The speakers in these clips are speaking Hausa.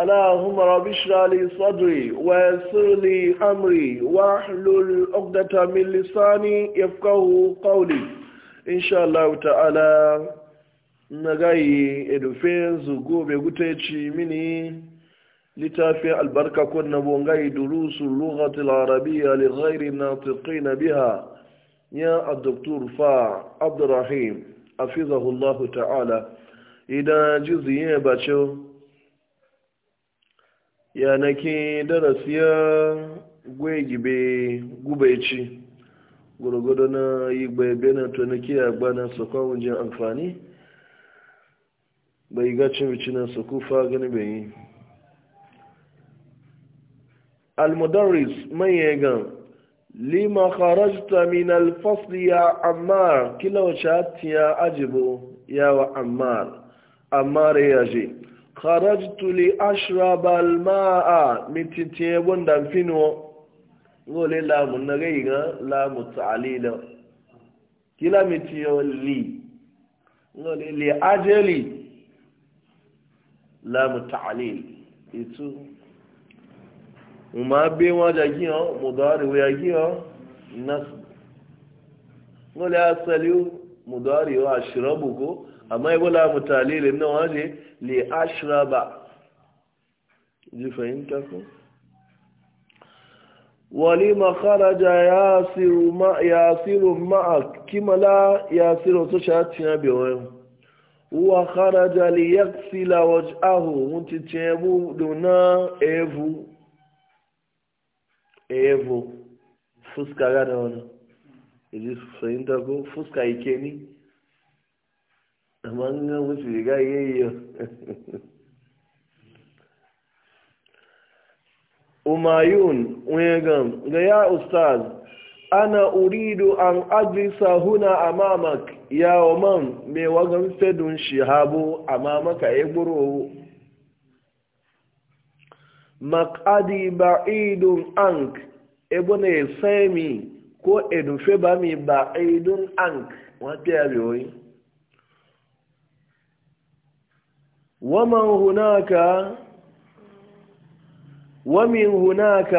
اللهم رب اشرح لي صدري ويسر لي امري واحلل عقدة من لساني يفقهوا قولي ان شاء الله تعالى nagayi edufen zugo be mini littafin albarka kun na bongayi durusu lughatul arabiyya li ghairi natiqin biha ya abdoktor fa abdurrahim hafizahullahu ta'ala idan jiziye bacin yanaki darasiya gwegibe gubaici gwargwado na igba gbaibe na tunaki a na sakon jin amfani bai gacin wici na saku gani bai yi almudarris manyan lima kharajta min alfasli ya ammar kila wace hatiya ajibu yawa ammar ammar ya je kharajtu li ashraba almaa mititiye bondan fino ngole lamu nagaiga lamu ta'lila kila mitiyo li ngole li ajali lamu ta'lil itu uma be waja giyo mudari wa giyo nas ngole asaliu mudari wa ashrabuko amma ibola mutalil inna waje li ashraba ji fahimta ku wali makaraja yasiru ma'a kimala to su shati na bewayo wa kharaja li yaksila waj'ahu mutichebu duna evu evu fuska gada wani izi fahimta ko fuska ikeni amma an ga musu riga yayyo umayun wegan ga ya ustaz ana uridu an ajlisa huna amamak ya oman me wagan fedun shihabu amamaka ya e gburo makadi ba'idun ank ebone e semi ko edun feba mi ba'idun ank wata yabe oyin ومن هناك ومن هناك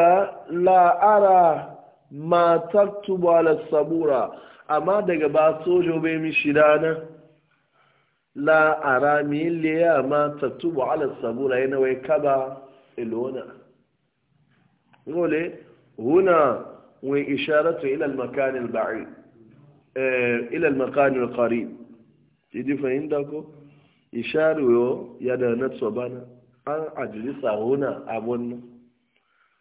لا أرى ما تكتب على الصبورة أما دقبات سوجو بيمي شدانا لا أرى من لي ما تكتب على الصبورة هنا ويكبا إلونا يقول إيه؟ هنا وإشارة إلى المكان البعيد إيه، إلى المكان القريب تدفع عندكم isharuyo ya da natso bana an ajiri sahuna abun nan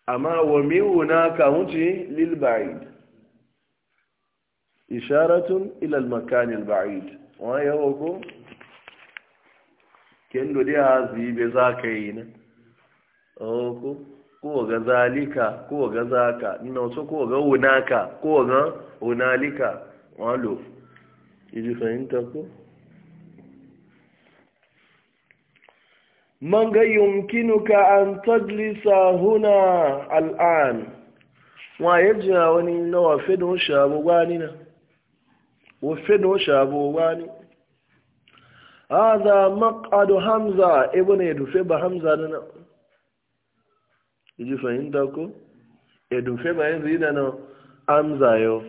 amma wa miwuna ka hunci lil ba'id isharatun ila al makan al ba'id wa yawo ko kendo dai hazi be zaka yi na o ko ga zalika ko ga zaka ina so ko ga wunaka ko ga unalika Walu, iji fahimta ko manga yumkinuka an tajlisa huna al'an waye jira wani na wafe don shabu gwani gwani a za maƙadu hamza ebe hamza na na iji fahimta ko yanzu yi na na hamza yau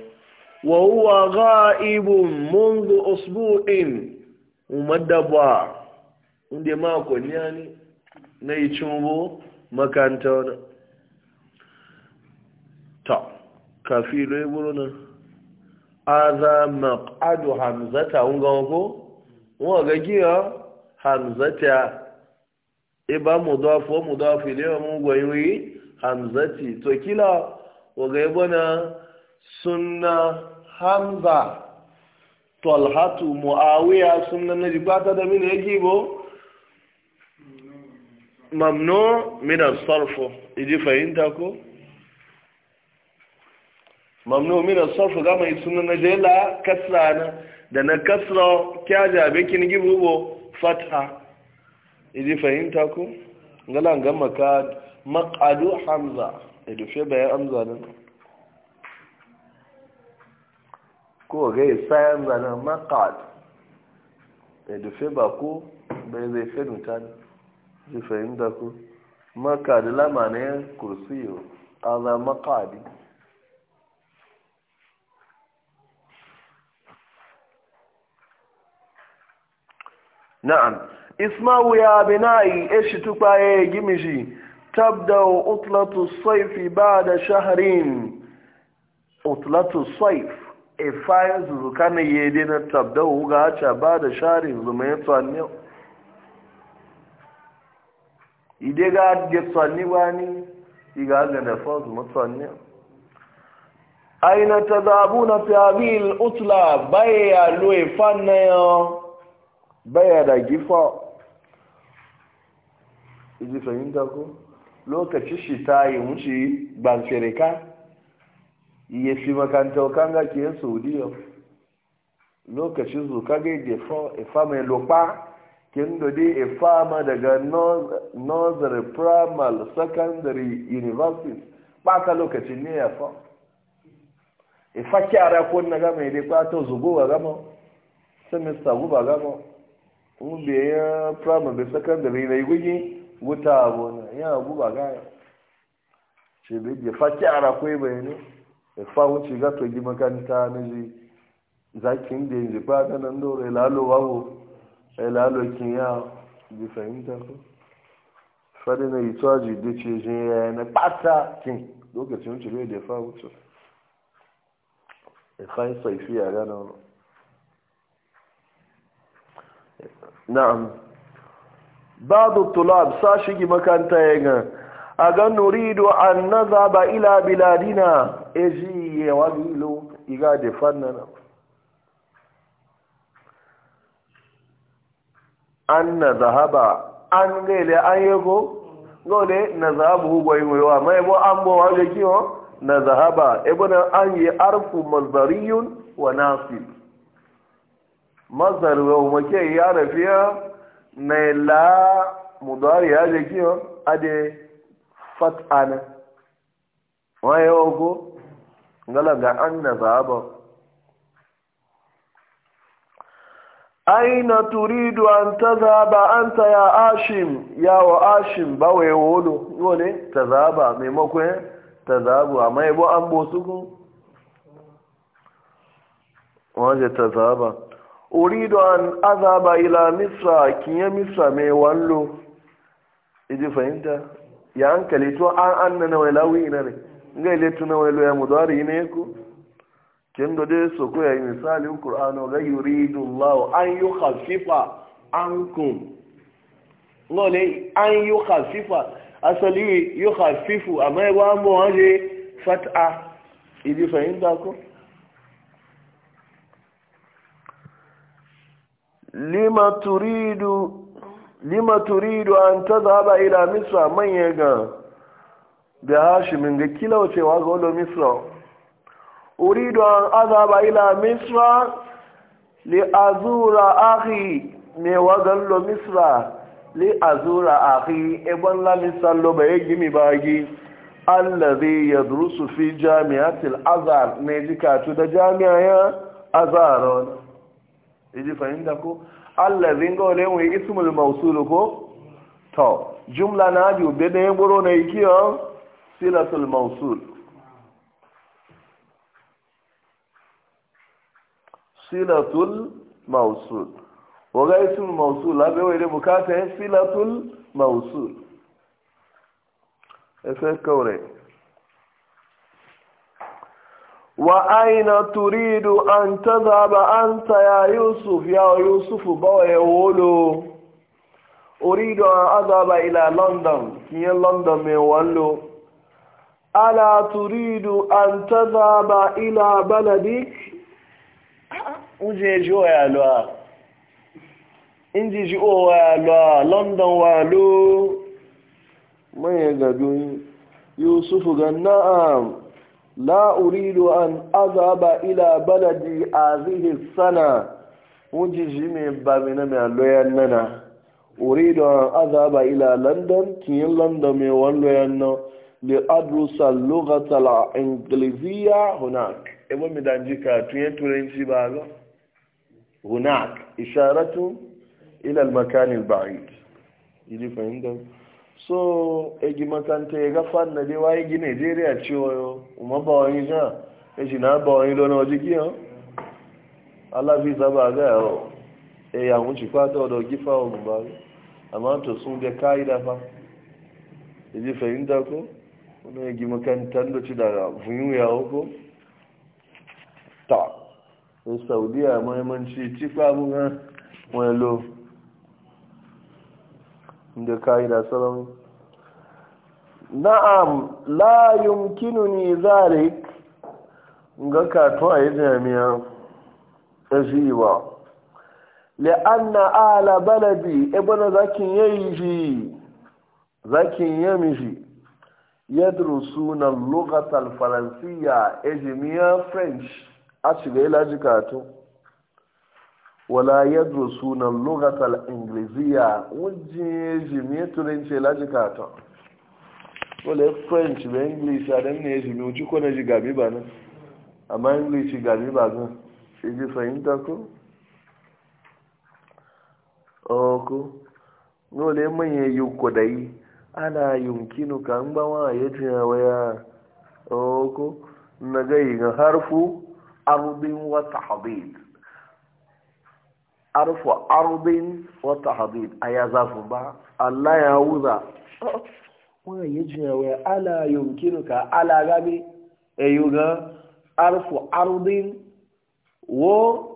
wa uwa ga ibu mundu osbu'in umar inda makonni ya ne na yi cimbo makanta wani ta kafi rai burunan aza maƙadu hamzata wunga ko wọ́n ga gíyà hamzata iba e mudafu mudafu ilé wọn gwayin yi hamzati to kila wọ́n ga bana na sunna hamza tolhatu mu'awiya sunna na jigbata da mini ya gibo mamno min as-sarf idi fahimta ko mamno min as-sarf ga mai sunan na jela kasra na da na kasra kya da bakin gibubo fatha idi fahimta ko ngala ngamma ka maqadu hamza idi fiye bayan hamza nan ko ga sa hamza nan maqad idi fiye ba ko bai zai fe mutane ji fahimta ku makadi lamanin kursiyo ala makadi na'am isma'u ya bina'i eshi tukwaye gimishi tabda utlatu saifi ba da shaharin utlatu saif e fayin zuzuka na yede na tabda wuga haca ba da shaharin zumayen tsaniyar ide ga da wani iga ga da fasu matsanni aina ta zabu na fiyabil utla baya loe fanna ya baya da gifa iji fahimta ko lokaci shi ta yi wuce fi makanta kan ga ke saudiya lokaci zuka ga ifa e mai kindo dai a e fama daga northern primal secondary university ɓata lokacin ne ya fa Ifa e kyara ko na gama e dai ɓata zubo ba gama semester guba gama un ya ya primary secondary na yi gugi wuta abu na ya guba gaya ce da ya fa kyara ko yi bayani e fa wuce gato gi makaranta na ji zakin da yanzu ɓata nan dore lalo babu ilalokin kinya bi fahimta ko fadi na ito aji da ce jin ya na pata kin lokacin wuce bai da fa wuce ya fayin saifi a gana wani na'am babu tulab sa shigi makanta ya gan a ga nurido an na zaba ila biladina eji yawa bilo iga da fannanan an na zahaba an gaile an yego gole na zahabu hugwai wewa ma bo an bo waje kiwo na zahaba na an yi arfu mazariyun wa nasib mazar wa make ya rafiya na la mudari ya je kiwo ade fat'ana wayo ya ngala ga an na zahaba aina turidu an anta ya ashim ya wa ashim bawe wolo wole tazhaba maimakon tazhabu amma yabo an bosu ko waje tazhaba uridu an azhaba ila misra kiyan misra mai wallo idi fahimta ya hankali to an annana wai lawi ina ne ngai letu na wai lo ya mudari ne ko kin ga dai su koya yi misali ƙur'anu ga yuridu Allah an yi hafifa an kun an yi asali yi hafifu a mai wa mu waje fat'a idi fahimta ko lima turidu lima turidu an tazhaba ila misra man yaga da hashimin ga kilawacewa ga wani misra أريد أن أذهب إلى مصر لأزور أخي ne wagan lo misra li azura akhi ibn la misal lo baye gimi bagi allazi yadrusu fi jami'ati al-azhar ne jikatu da jami'a ya azhar idi fahimta ko allazi ngole mu ismul mawsul to jumla na ju be ne boro ne kiyo silatul mawsul silatul mausul waga isim e mausul abe wele bukata ya e silatul mausul efe kaure wa aina turidu an tadhaba anta ya yusuf ya yusufu bawa ya wolo e uridu an adhaba ila london kiyan london mai wallo ala turidu an tadhaba ila baladik oúnjẹ ẹjọ́ ó lọ inji jí ó lọ london wà ló mọ́yẹ̀ gàdó yusufu ga na'am la ìlú an azaba ila baladi azihi sánà oúnjẹ ìjì mi bá mi náà mi nánà orí ìlú an azaba ila london í london mi wọ́n lọ́yà náà لأدرس اللغة الإنجليزية هناك. إبو ميدانجي كاتوين a باغو. هناك إشارة إلى المكان البعيد يجي فهمت so egi makanta ya gafa na dai waye gi Nigeria cewa yo umma ba wani ja e na ba wani lona waje ki yo Allah bi zaba ga yo e ya mun ci fata da gifa wa mun ba amma to sun da kaida fa yaji fahimta ko wani egi makantan da ci da funyu ya ko ta saudiya mahimmanci cikin abubuwan wani lo da kayi da salon na'am la yumkinuni zalik ga kato a yi jami'a ta shi ba li'anna ala baladi ibana zakin yayi shi zakin yami shi yadrusuna lokacin faransiya ejimiyar french a shiga ilaji katu wala yadda sunan lugatar ingiliziya wajen jimi turanci ilaji katu wale french ba english a dan ne jimi uci kone ji gabi ba nan amma english gabi ba nan iji fahimta ko? ọkụ oh, n'ole manye yi kwadayi ana yunkinu ka mgbanwa ya jiya waya ọkụ oh, na gayi harfu ardin wa tahdid arfu ardin wa tahdid aya zafu ba Allah ya wuza wannan yaji wa ala yumkinuka ala gabi ayuga arfu ardin wa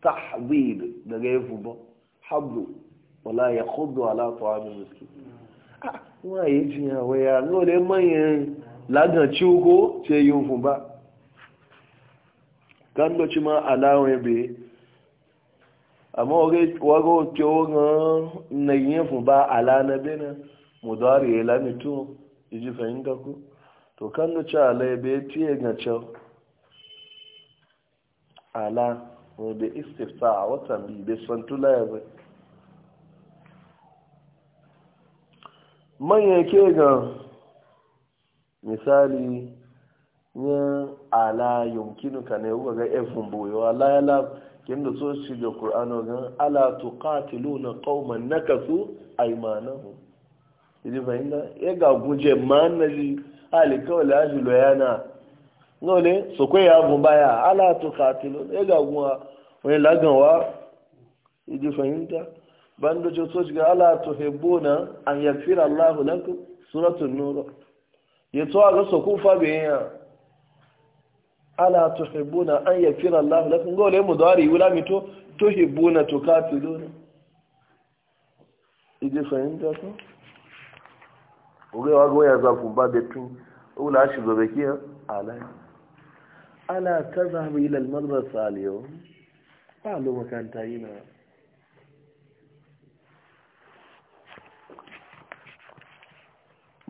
tahdid daga yi ba habdu wala yakhuddu ala ta'amil miskin wannan yaji wa ya lole manyan lagan ciwo ko ce yunfu ba kan doci ma alawai be amma wago kyo na yin fu ba ala na bena mudari ya lamitu iji fahimta ku to kan doci alai be tiye ga cewa ala wadda istifta a watan biyu bai san tula ya zai manya ke ga misali ya ala yumkinu ka ne ga efun boyo ala ala kin da so shi ga qur'ano na ala tuqatiluna qauman nakasu aymanahum idi bayinda ya ga guje manaji ali kawai aji loyana ngole so ko ya bu baya ala tuqatilun ya ga gwa wani lagan wa idi fahimta ala allah ala tuhibbuna an yaghfira Allah lakum gole mu dawari wula mito tuhibbuna tukatiduna ije fahimta ko ugewa goya za ku ba de betun ula shi gobe kiya ala ala tazhabu ila al-madrasa al-yawm ba lo makanta yana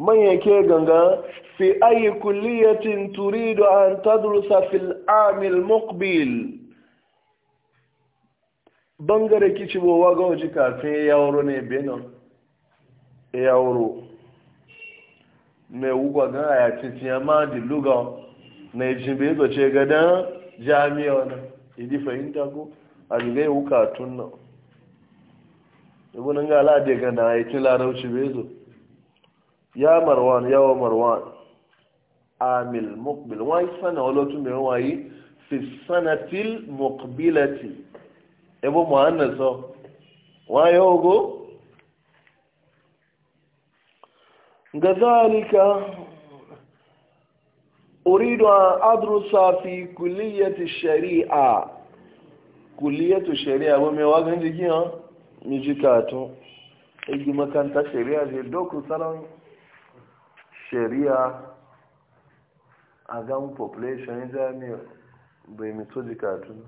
man yake ganga fi ayi kulliyatin turidu an tadrusa fil amil muqbil bangare kichibowa ga waje kafin ya yawuro ne benin yawuro mai wugwa gan a yaci ma di luga na ijin bai zoce gadan jami'a wani idi fahimta ko a jigai wuka tun nan ibunan ga alade gana a yakin larauci bai zo ya marwan yawa marwan amil mukbil wọ́n yí sánà ọlọ́tún mẹ́rin wáyé fi sanatil mukbilati ẹbọ́ mọ̀hánà sọ wọ́n yọ ogo oh, ga zalika أريد أن أدرس في shari'a الشريعة كلية الشريعة ومي واغن جيجي ها نجي كاتو اجي مكان تا شريعة جي دوكو سلام shari'a a gan population ya jami'a bai mito jikatun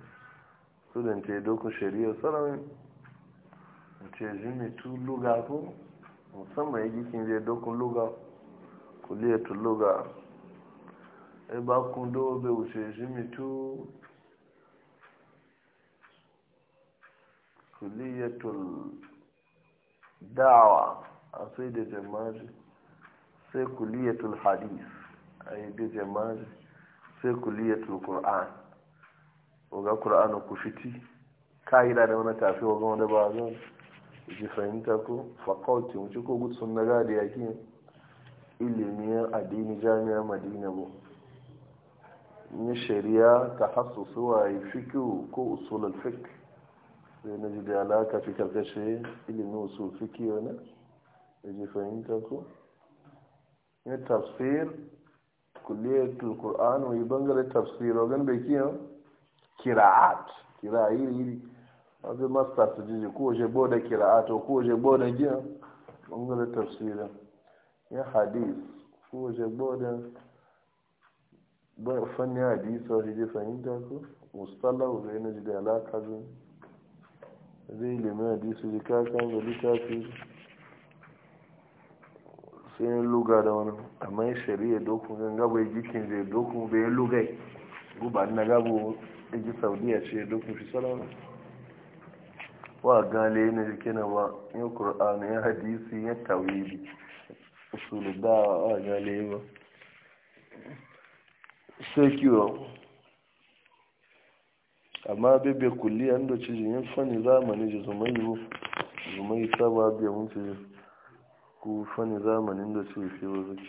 su da ke dokun shari'a tsarawin ce jimitu luga ko musamman ya gikin je dokun luga kuliyatun luga e ba kun do bai wuce jimitu kuliyatun dawa a sai da jama'a sai kuliyatul hadis a yi bi jama'a sai kuliyatul oga qur'an ku fiti ka'ida da wani tafi wa gama da ba zan ji fahimta ko fakauti wuce ko gud sun na gadi ya ke ilimiyar addini jami'ar madina bu ni shari'a ta hasusu wa yi fiki ko usulul fik sai na ji da alaka fi karkashe ilimin usul fikiyo na ya ji fahimta ko ne tafsir kulliyatul qur'an wai bangare tafsir ogan su jiji ko je boda qira'at ko je boda giya bangare tafsir ya hadis ko je boda ba fanni hadisa o je fahimta ko musallahu zai na ji alaka zai ilimin hadisi ji kakan sai luga da wani amma ya shari'a doku gan gabo ya gikin zai doku bai lugai guba na gabo ya ji saudiya ce dokun shi salama wa gale na jike na ba ya kur'anu ya hadisi ya tawili usulu da wa gale ba sai kiwo amma bebe kulli an da cijin yin fani zamani ji yi zumai ta biya mun ku fani zamanin da su fi wuzi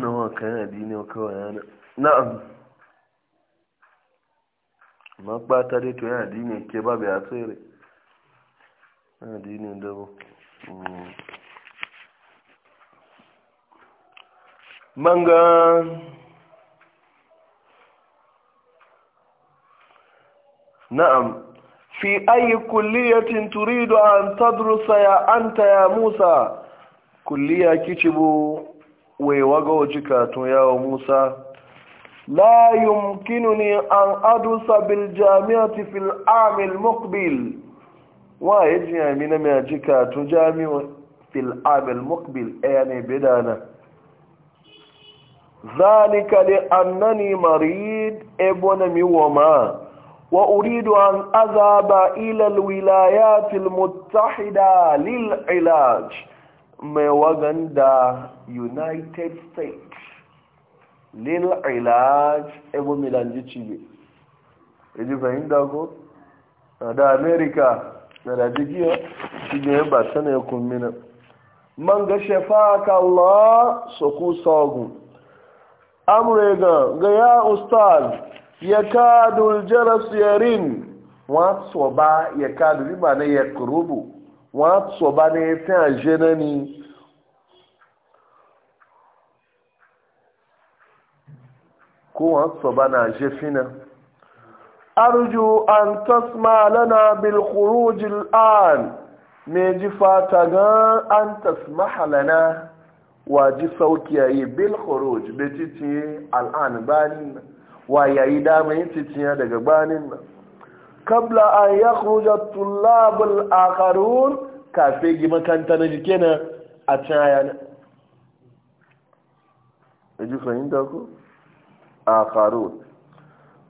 na wakan addini wa kawai yana na'am ma ba ta dai to yana addini ke ba bai a tsere yana addini da bu mm. manga na'am fi ayi kulliyatin turidu an tadrusa ya anta ya musa kulliya kicibu wai waga wajika tun yawo musa la yumkinuni an adusa bil jami'ati fil amil muqbil wa yaji amina mai ajika tun jami'u fil amil muqbil ɗaya ne bidana zalika li annani marid ebona mi woma وأريد أن أذهب إلى الولايات المتحدة للعلاج ميوغندا United States للعلاج ابو ميلانجي تشيبي يجي فهمتا كو da America da Radikiya shi ba sana ya kummina man ga shafaka Allah su ku sagun amurega ga ya yakadul jaras yarin wọ́n sọ bá yakadul nígbà náà ya kurubu wọ́n sọ bá ya fi aje na ni ko wọ́n sọ na aje àjẹ́ fínà. arju an tasma lana bil khuruj al an me ji fata ga an tasmaha halana wa ji sauki yayi bil khuruj bi titi al an bani wa yayi dama yin ciciya daga banin nan kabla an ya kuja tulabul akarun kafe gi makanta na jike na a caya na da ji fahimta ku akarun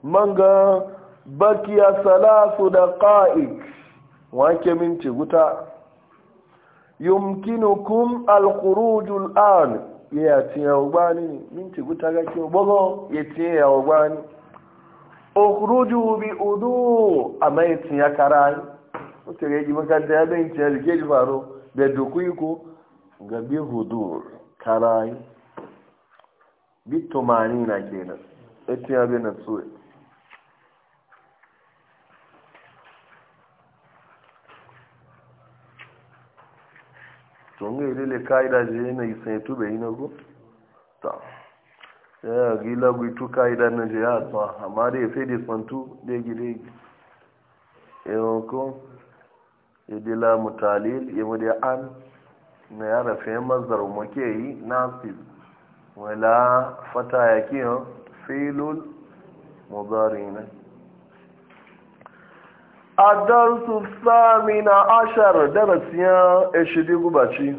manga ga bakiya salasu da ƙa'ik wake minti guta yumkinukum alkurujul an ye ya tiya ugbani minti gutaga ki bogo ya tiya ugbani ukhruju bi udu ama ya tiya karai to ga eji maka da ben tiya ke ji faro da dukuyi iku ga bi hudur karai bi tumani na kenan ya tiya bi natsuwa tun ga ilile ka'ida je na isa yato bai yi na go ta ya gila tu ka'ida na je ya tsa amma dai sai dai santu dai gire yawon e kun e la mutalil yamu e da an na ya rafe mazar muke yi fi wala fata ya kiyan filul mubarina adarsu samina ashar darasiyan eshidi gubaci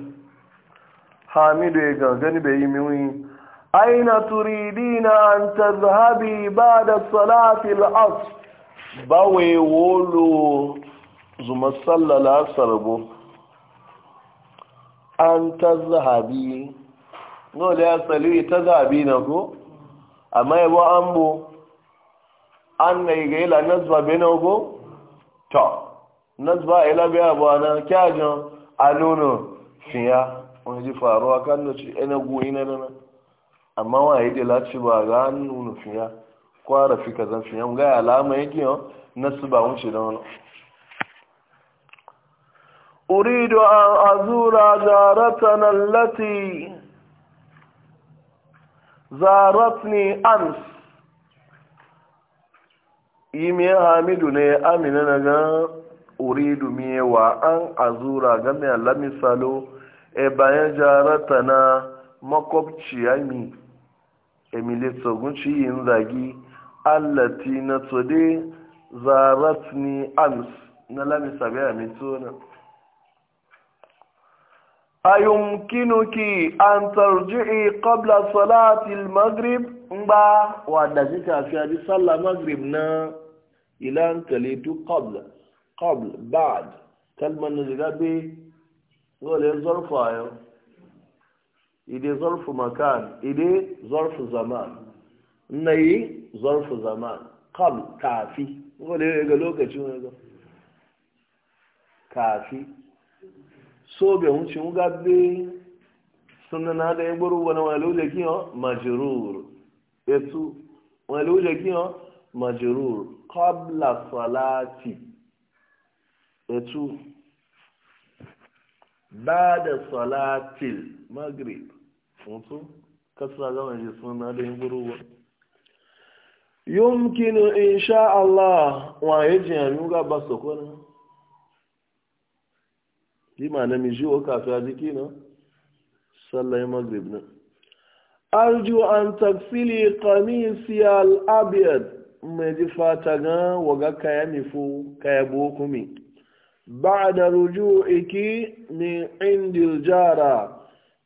hamidu ya gangani bai yi miwi aina turidina an tazhabi ba da salafil as wai wolo zuma sallala sarbo an tazhabi no da ya tsali tazhabi na ko amma yabo an bu an na yi gaila nazba benago tọ́ nasba ila biya bwana kyajo aluno fiya wani ji faruwa kan da ci ina goyi na dana amma wa yi da lati ba ga nuno fiya ara fi kazan fiya ga alama yake yo nasba wuce da wani أريد أن أزور جارتنا التي زارتني أمس ime hamidu ne amina na ga uridu miyewa an azura game Allah misalo e bayan jarata na makwabci ami emile tsogunci yin zagi allati na tsode zarat ni ams na lamisa biya mitona ki an tarji'i qabla salati al-maghrib ba wa da kika fi sallah maghrib na ila an kalitu qabla ba'd kalman na ziga be wale zarfa yau ide zarfu makan ide zarfu zaman na zarfu zaman qabl kafi wale ga lokacin wani kafi so bai hunci wuga be sunan na da ya gburu wani wani lullu kiyon etu wani lullu kiyon qabla salati etu bada salatil maghrib mutu kasa gama ji suna da yin guruwa yumkinu insha Allah wa yajin yanuga ba sokona bi ma na miji o kafa jiki na sallai maghrib na arju an taksili qamisi al-abyad mai ji fata ga waga kaya mifu kaya bukumi. ba da ruju iki ni indil jara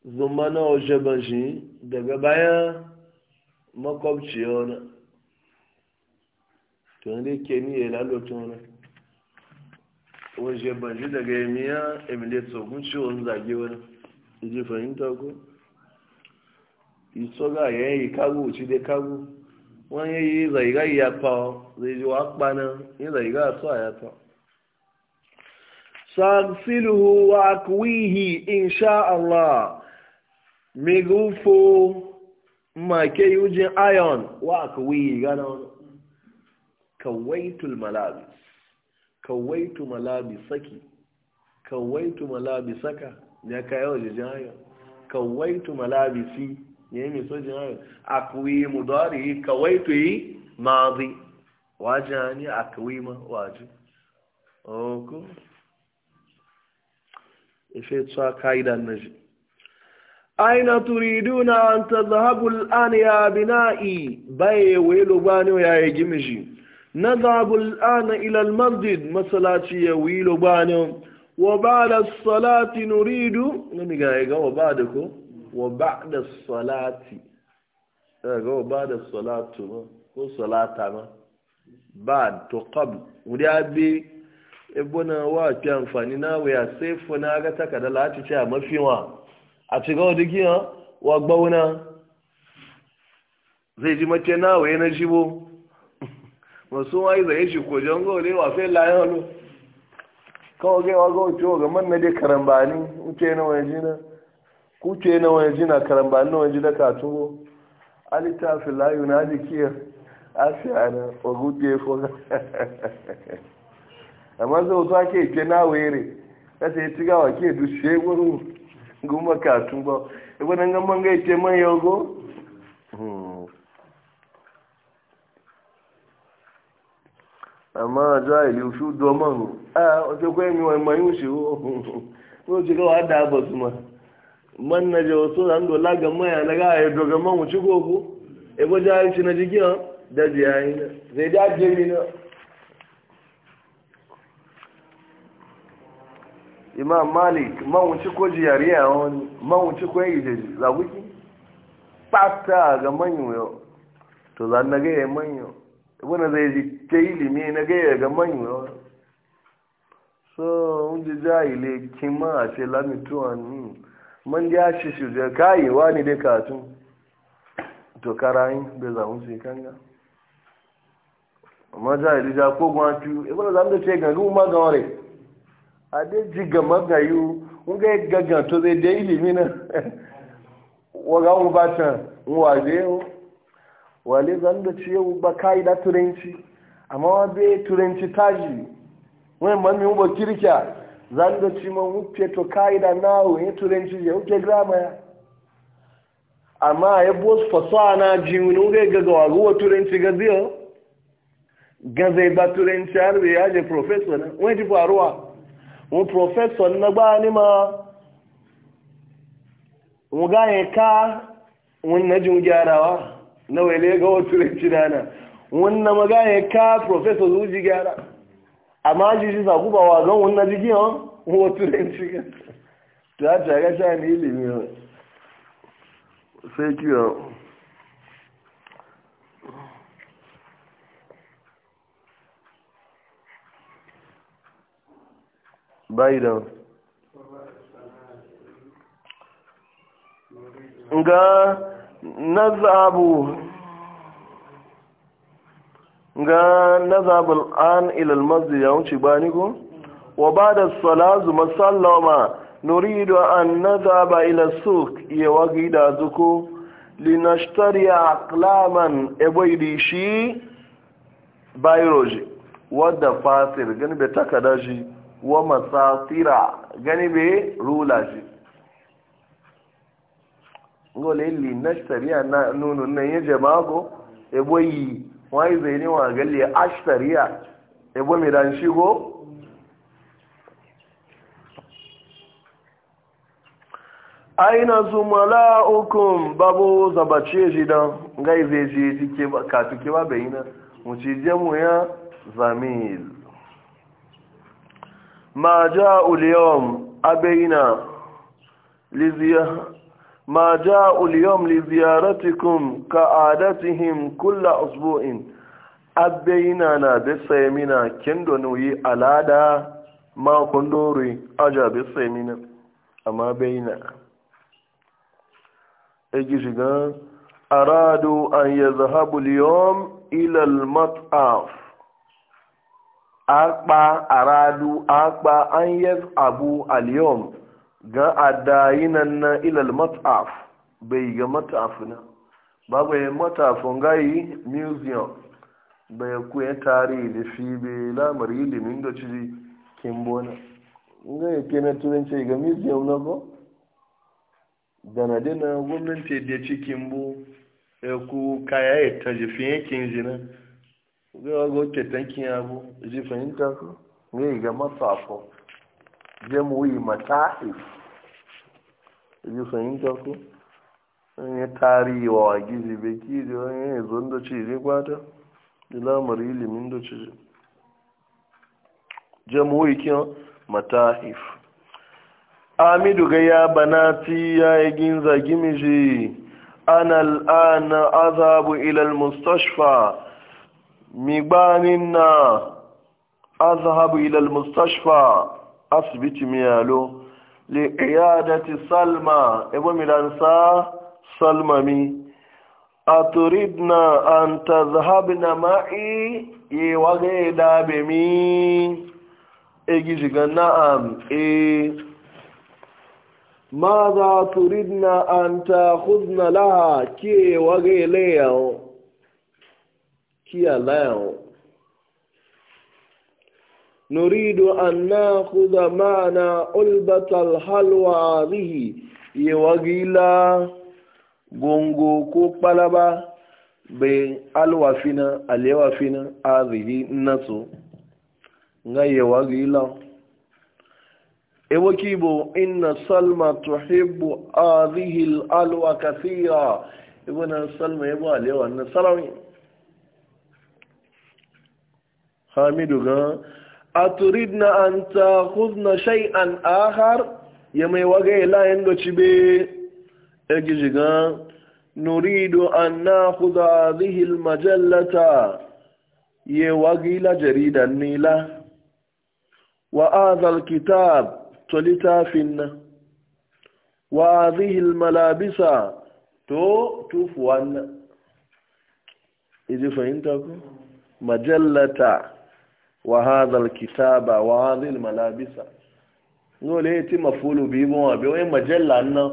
zuma na ojaban shi daga bayan makwabci yana tun da ke ni ya lalotun wani ojaban shi daga yamiya emile tsogun ciwon zage wani iji fahimta ko iso ga yayi kagu uci dai kagu wọ́n yé yí zàyíká ìyapa ọ zèyí wàá paná yí zàyíká àtọ́ àyàtọ̀. sàgsìlùhù wà kúwìhì inṣá allah mẹgùfò màkè yújin iron wà kúwìhì gánà kawaitul malabis kawaitu malabisaki kawaitu malabisaka ne ka yawa jijin iron kawaitu si. يمي سوجي هاي أكوي مضاري كويتي ماضي واجهاني أكوي ما واجه أوكو إفيت شا كايدا نجي أين تريدون أن تذهبوا الآن يا بنائي باي ويلو باني ويا جيمجي نذهب الآن إلى المسجد مثلا تي ويلو بانو وبعد الصلاة نريد نمي قايقا وبعدكو wa ba'da salati daga wa ba'da salatu ma ko salata ma ba to qabl wuri abi ibuna e wa ki amfani na waya sai funa ga takada lati ce a mafiwa a ci ga wadiki wa gbauna zai ji mace na waya na jibo masu wani zai shi ko jango ne wa fe layan lo kawo gaiwa ga wuce ga man na dai karambani wuce na waje kuke na wani jina karamba na wani jina katubo a littafin layu na jikiyar asiya na ogude foga amma zai zuwa ke ke na were ya ta yi cigawa ke dushe wurin gumba katubo ibadan gamban ga ke man yago hmm. amma jahili ushu domin a ojo kwemi wani mayun shi o ojo ga wa da abazuma man na je wasu ran maya na ga ya doga man wuci gogo e go jari ci na jigiya da biyayi na zai da jeri na imam malik man wuci ko jiyari ya wani man wuci ko yi jeji za wuki pata ga manyo yo to za na ga ya manyo e wani zai ji ilimi na ga ya ga manyo so un ji jahile kima a ce lamituwa ni man ya shi shi zai kayi wani dai katun to karayin bai zamu sai kanga amma za a rija ko gwa tu ibada e zan da ce gangu ma ga ware a dai ji ga magayu un ga gaggan to zai dai ilimi na wa ga mu bata wa je wale zan da ce ba kai da turanci amma wa bai turanci taji wani mu ba kirkiya zando chima upye to kaida nawo ya upye grama ya amma ya bos fasana jiwun uge gaga wago turenci gaziyo gaze ba turenci har bai yaje professor na wani faruwa mu professor na gbani ni ma mu ga ya ka wannan jin gyarawa na wele ga turenci dana wannan na ya ka professor zuji gyara amma shi shi zaku ba wa zan wannan jiki hon wato da shi ta ta ga sha ni ilimi sai kiyo bayi da ga nazabu ga nazabul an ilal masjid ya wuce ba ni ko wa ba da salazu masallama nuridu an nazaba ila suq ya wagida da zuko linashtari aqlaman ebaidi shi bayroji wadda fasir gani be takada shi wa masatira gani be rula shi ngole linashtari na nunu nan ya jama'a ko ebaidi wani zai ne wa galli ashtariya ebo mai dan shigo aina zumala'ukum babu zabace shi don gai zai ji jike katuke ba bai na mucije mu ya zamil ma ja uliyom abeina liziya ma ja'ul yawm li ziyaratikum ka adatihim kulla usbu'in abbayna na bi saymina kindo nuyi alada ma kondori aja bi saymina amma bayna eji shiga aradu an yadhhabu al yawm ila al mat'af aqba aradu aqba an yadhhabu al yawm ga adayinan na ilal mat'af bai ga mat'af na babu yin mat'afin gayi museum bai kuwa tarihi da fi bai lamar ilimin da ciji kimbona ga ya ke na turanci ga museum na ba danadina gwamnati da cikin bu ya ku kaya ya ta jifin yankin jina ga wago ke tankin abu jifin yankin ga ga mat'afin jamu'i mata'if ji fahimta ku ya tarihi wa wagizi bai kiri wani ya zo da ci zai kwata da lamar ilimin da ci jamhuri kiyan matahif amidu ga ya banati ya yi e ginza gimiji ana azabu ilal mustashfa mi gbanin na azabu ilal mustashfa asibiti miyalo li'iyadati salma ebo milansa salmami aturidna an tazhabna ma'i ye wage dabe mi gan na'am e turidna an ta تأخذن لها كي وغي ليو كي ليو نريد أن نأخذ معنا علبة الحلوى هذه يوغيلا غونغو كوكبالابا بين الوافنا اليوافنا هذه النسو غاي يوغيلا ewakibo inna salma tuhibbu hadhihi al-alwa kathira ibn salma yabo alewa na sarawi hamidu ga A aturidna an ta huzna takhudna shay'an akhar ya mai waga la yando cibe egijiga nuridu an na nakhudha hadhihi almajallata ye wagila jarida nila wa hadha alkitab tulitafinna wa hadhihi almalabisa to tufuwanna idi fahimta ku majallata wa hadha alkitaba wa ti mafulu bi mo abi o majalla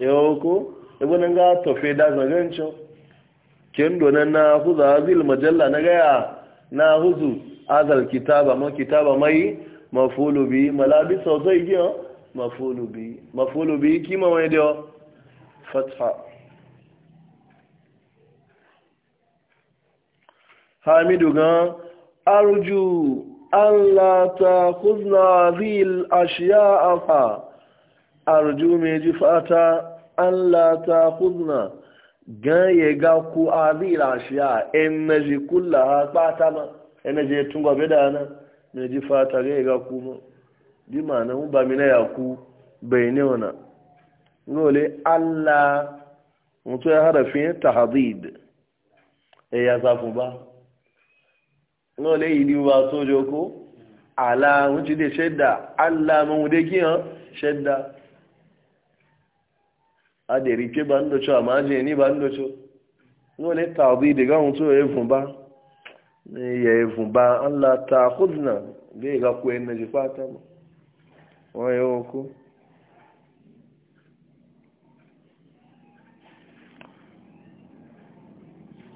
yoko e e nga to fe da nan na huza hadhihi almajalla na ga na huzu hadha kitaba mai mafulu bi malabisa zai mafulu bi mafulu bi kima fatha hamidu gan أرجو ألا تأخذنا ذي الأشياء فا أرجو ميجي فاتا ألا تأخذنا ganye ga ku azira shiya in na kulla ha fata ma in na je tun gwabe na na ji fata ganye ga ku ma di ma na ba mi na yaku bai ne wana nole allah mutu ya harafin tahadid e ya zafu ba náà lè yìí wá sójò kó àlà àwọn ti dé ṣẹ́dà àlà kí hàn ṣẹ́dà adèrè pé bá ń dọ̀ṣọ àmájẹ́ ní bá ń dọ̀ṣọ náà lè ta ọ̀bí ìdègá tó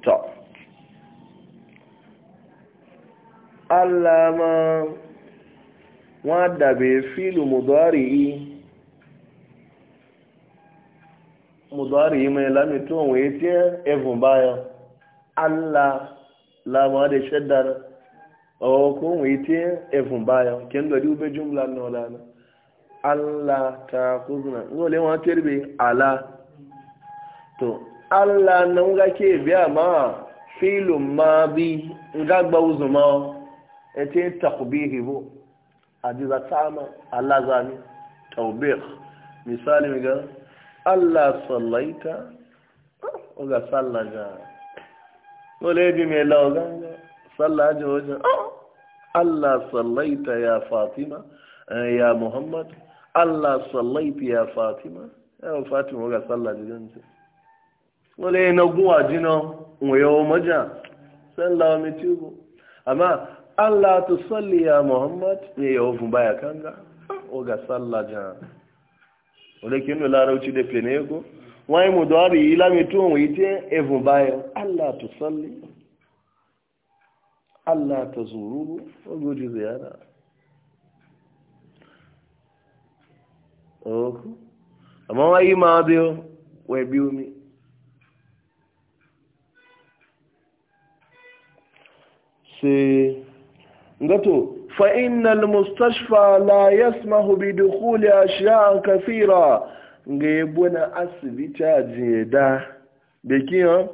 Stop. Ala ma wọ́n fílù mùdọ́rì yìí mùdọ́rì yìí mai lámì tó wọ́n yìí tí ẹ̀fùn báyọ̀ Allah lámà dẹ̀ ṣẹ́dára ọkọ̀ wọ́n yìí tí ẹ̀fùn báyọ̀ kí n gọ̀dí ubẹ́ jùmla náà lánà Allah ta ala to Allah na ń gákẹ́ bí a máa fílù máa bí ń gágbà ẹtí ń takbihi bo ajiza tama Allah zani tawbih misali ga Allah sallaita oga sallaja wale bi me lawga sallaja wajen Allah sallaita ya Fatima ya Muhammad Allah sallaita ya Fatima ya Fatima oga sallaja ganje wale na guwa jina nwe yo tí ó bọ́ àmá Allah tu salli ya Muhammad ya yi ofin baya kanga o ga sallah jan olekin da larauci da fenego wani mu da wari ila mai tuwon wai te efin baya Allah tu salli Allah ta zuru o goji ziyara oku amma yi ma biyo wai biyu mi sai gato fa'innal mustashfa la yasmahu bi dukuli a sha'an kafira ga yabo na asibiti a jeda da kiyan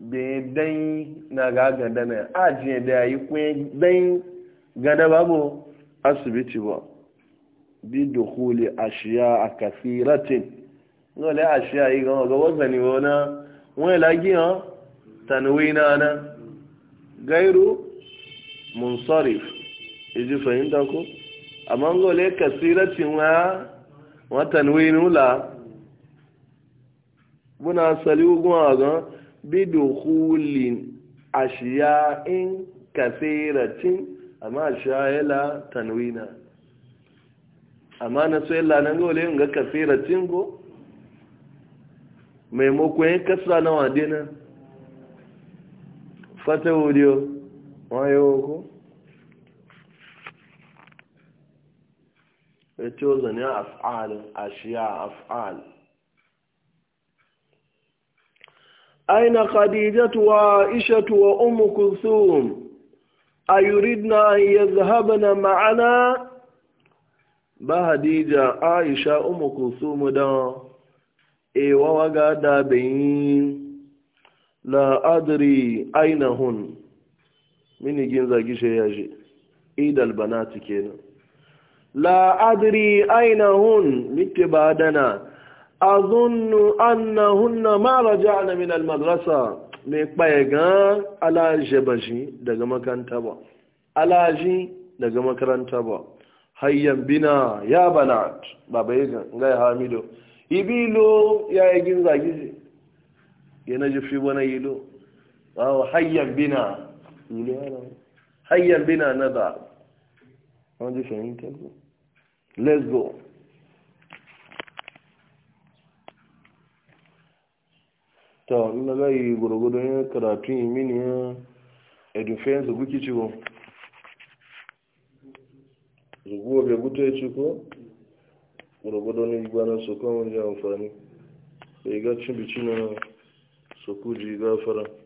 bedan na gagada na a jeda ya yi kwen gada babu asibiti ba bi dukuli a sha'a kafiratin nole a sha'a yi gama ga wazani wani wani lagiyan tanwina na gairu munsarif iji fahimta ko amma gole kasiracin wa watan winula muna sali a ga bidukulin ashiya'in kasiracin amma ashiya'ila tanwina amma na so yalla nan gole ga kasiracin ko maimakon kasa na wadina fata wudiyo nwaanyị ogo ete ụzọ na afal ashia afal aina khadijatu wa aishatu wa ummu kulthum ayuridna an yadhhabna ma'ana ba hadija aisha ummu kulthum da e wawaga da bayin la adri aina hun mini gin zagi shi ya je idal banati kenan la adri aina hun mike ba dana azunnu annahunna ma raja'na min almadrasa me kpaye gan alaje bashi daga makaranta ba alaji daga makaranta ba hayyan bina ya banat baba yi gan ngai hamido ibilo ya yi gin zagi yana jifi wani yilo hayyan bina luliyana hayyan bina na da an ji fahimta ku let's go ta na gai gwargwadon ya karatun imini ya edufen su guki ciwo zuguwa bai guta ya ciko gwargwadon igbanar su kan wajen amfani bai ga cin bici na sokuji gafara